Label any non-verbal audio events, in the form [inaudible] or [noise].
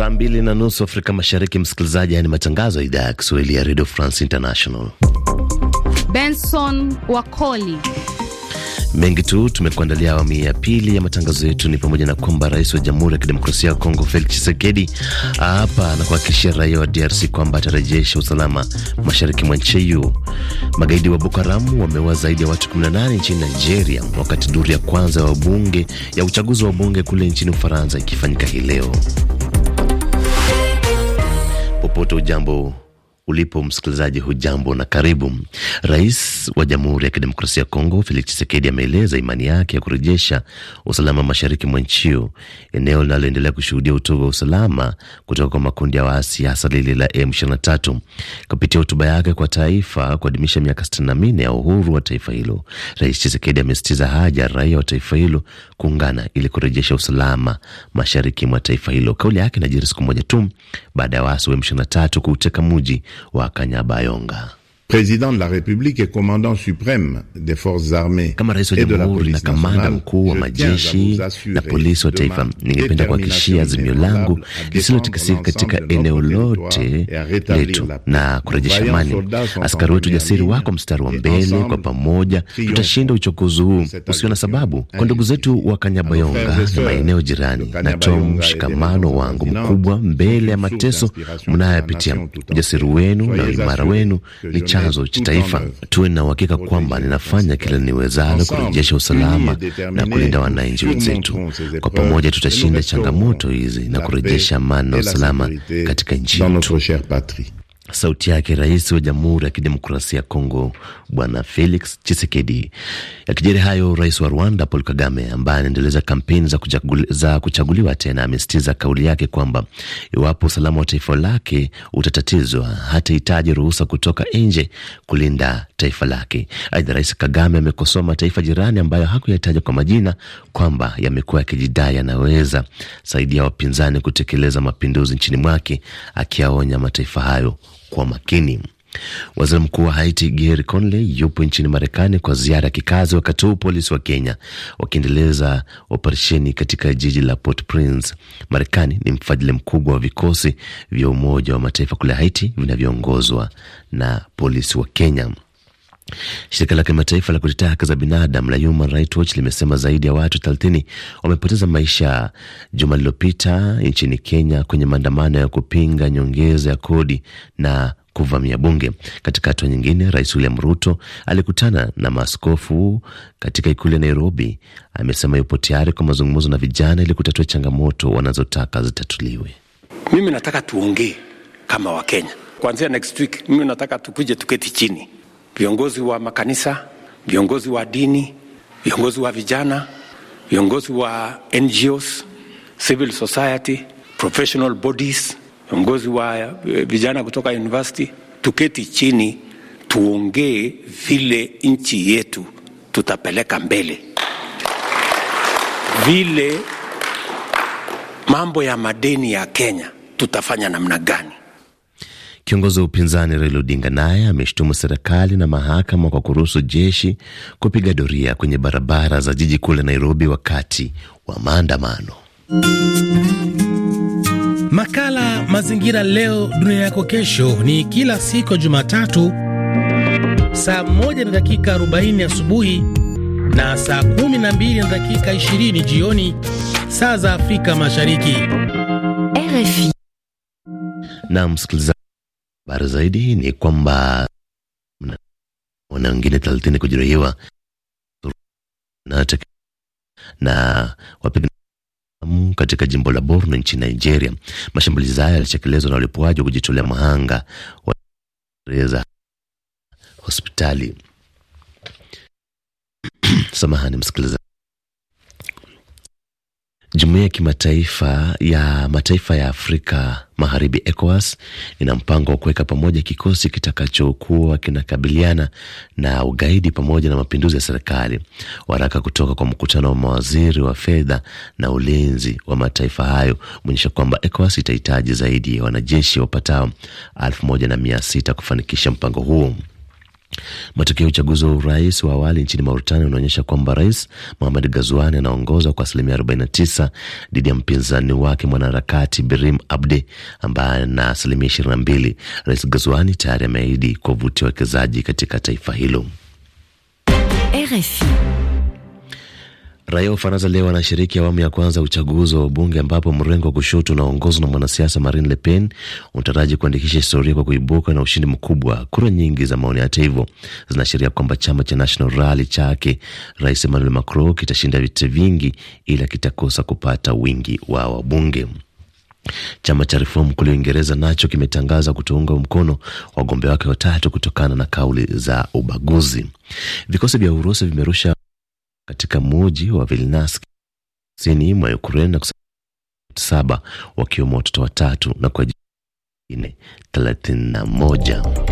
Saa mbili na nusu Afrika Mashariki, msikilizaji. Haya ni matangazo ya idhaa ya Kiswahili ya Radio France International. Benson Wakoli mengi tu tumekuandalia. Awamu ya pili ya matangazo yetu ni pamoja na kwamba rais wa Jamhuri ya Kidemokrasia ya Kongo Felix Tshisekedi hapa na kuhakikishia raia wa DRC kwamba atarejesha usalama mashariki mwa nchi hiyo. Magaidi wa Boko Haram wameua zaidi ya watu 18 nchini Nigeria, wakati duru ya kwanza ya wabunge ya uchaguzi wa bunge kule nchini Ufaransa ikifanyika hii leo popote. Ujambo ulipo msikilizaji, hujambo na karibu. Rais wa Jamhuri ya Kidemokrasia ya Kongo Felix Tshisekedi ameeleza imani yake ya kurejesha usalama mashariki mwa nchi hiyo, eneo linaloendelea kushuhudia utovu wa usalama kutoka kwa makundi ya waasi, hasa lile la M23. Kupitia hotuba yake kwa taifa kuadhimisha miaka 64 ya uhuru wa taifa hilo, Rais Tshisekedi amesitiza haja raia wa taifa hilo kuungana ili kurejesha usalama mashariki mwa taifa hilo. Kauli yake inajiri siku moja tu baada ya waasi wa M23 kuuteka muji wa Kanyabayonga président de la République et commandant suprême des forces armées kama rais wa jamhuri na kamanda mkuu wa majeshi na polisi wa taifa, ningependa kuhakikishia azimio langu lisilotikisika katika eneo lote letu na kurejesha amani. Askari wetu jasiri wako mstari wa mbele. Kwa pamoja tutashinda uchokozi huu usio na sababu. Kwa ndugu zetu wa Kanyabayonga na maeneo jirani, natoa mshikamano wangu mkubwa mbele ya mateso mnayoyapitia. Ujasiri wenu na uimara wenu ni chanzo cha taifa. Tuwe na uhakika kwamba ninafanya kila niwezalo kurejesha usalama na kulinda wananchi wenzetu. Kwa pamoja, tutashinda changamoto hizi na kurejesha amani na usalama katika nchi yetu. Sauti yake rais wa Jamhuri ya Kidemokrasia ya Kongo Bwana Felix Chisekedi. Yakijeri hayo, rais wa Rwanda Paul Kagame ambaye anaendeleza kampeni za, kuchaguli, za kuchaguliwa tena amesitiza kauli yake kwamba iwapo usalama wa taifa lake utatatizwa hatahitaji ruhusa kutoka nje kulinda taifa lake. Aidha, rais Kagame amekosoa mataifa jirani ambayo hakuyataja kwa majina kwamba yamekuwa yakijidai yanaweza saidia wapinzani kutekeleza mapinduzi nchini mwake, akiyaonya mataifa hayo kwa makini. Waziri mkuu wa Haiti Gerry Conley yupo nchini Marekani kwa ziara ya kikazi, wakati huu polisi wa Kenya wakiendeleza operesheni katika jiji la Port Prince. Marekani ni mfadhili mkubwa wa vikosi vya Umoja wa Mataifa kule Haiti vinavyoongozwa na polisi wa Kenya. Shirika la kimataifa la kutetea haki za binadamu la Human Rights Watch limesema zaidi ya watu 30 wamepoteza maisha juma lililopita nchini Kenya kwenye maandamano ya kupinga nyongeza ya kodi na kuvamia bunge. Katika hatua nyingine, Rais William Ruto alikutana na maaskofu katika ikulu ya Nairobi. Amesema yupo tayari kwa mazungumzo na vijana ili kutatua changamoto wanazotaka zitatuliwe. Mimi nataka tuongee kama Wakenya kuanzia next week. Mimi nataka tukuje tuketi chini viongozi wa makanisa, viongozi wa dini, viongozi wa vijana, viongozi wa NGOs, civil society, professional bodies, viongozi wa eh, vijana kutoka university, tuketi chini tuongee vile nchi yetu tutapeleka mbele, vile mambo ya madeni ya Kenya tutafanya namna gani? Kiongozi wa upinzani Raila Odinga naye ameshtumu serikali na mahakama kwa kuruhusu jeshi kupiga doria kwenye barabara za jiji kuu la Nairobi wakati wa maandamano. Makala Mazingira Leo Dunia Yako Kesho ni kila siku ya Jumatatu saa 1 na dakika 40 asubuhi na saa 12 na dakika 20 jioni saa za Afrika Mashariki. RFI. Na msikilizaji Habari zaidi ni kwamba wana wengine 30 kujeruhiwa na, na katika jimbo la Borno nchini Nigeria. Mashambulizi haya yalitekelezwa na walipuaji wa kujitolea mahanga waeza hospitali. [clears throat] Samahani msikilizaji. Jumuiya ya kimataifa ya mataifa ya Afrika Magharibi, ECOWAS, ina mpango wa kuweka pamoja kikosi kitakachokuwa kinakabiliana na ugaidi pamoja na mapinduzi ya serikali. Waraka kutoka kwa mkutano wa mawaziri wa fedha na ulinzi wa mataifa hayo umeonyesha kwamba ECOWAS itahitaji zaidi ya wanajeshi wapatao elfu moja na mia sita kufanikisha mpango huo. Matokeo ya uchaguzi wa urais wa awali nchini Mauritania unaonyesha kwamba rais Mohamed Gazuani anaongoza kwa asilimia 49 dhidi ya mpinzani wake mwanaharakati Birim Abde ambaye ana asilimia 22. Rais gazwani tayari ameahidi kuwavutia wawekezaji katika taifa hilo. RFI. Raia wa Ufaransa leo anashiriki awamu ya kwanza ya uchaguzi wa ubunge ambapo mrengo wa kushoto unaongozwa na mwanasiasa Marine Le Pen unataraji kuandikisha historia kwa kuibuka na ushindi mkubwa. Kura nyingi za maoni, hata hivyo, zinaashiria kwamba chama cha National Rally chake Rais Emmanuel Macron kitashinda viti vingi, ila kitakosa kupata wingi wa wabunge. Chama cha Reform kule Uingereza nacho kimetangaza kutounga mkono wagombea wake watatu kutokana na kauli za ubaguzi. Vikosi vya Urusi vimerusha katika muji wa vilnaski kusini mwa Ukraine na kusababisha saba wakiwemo watoto watatu na kwa jingine 31.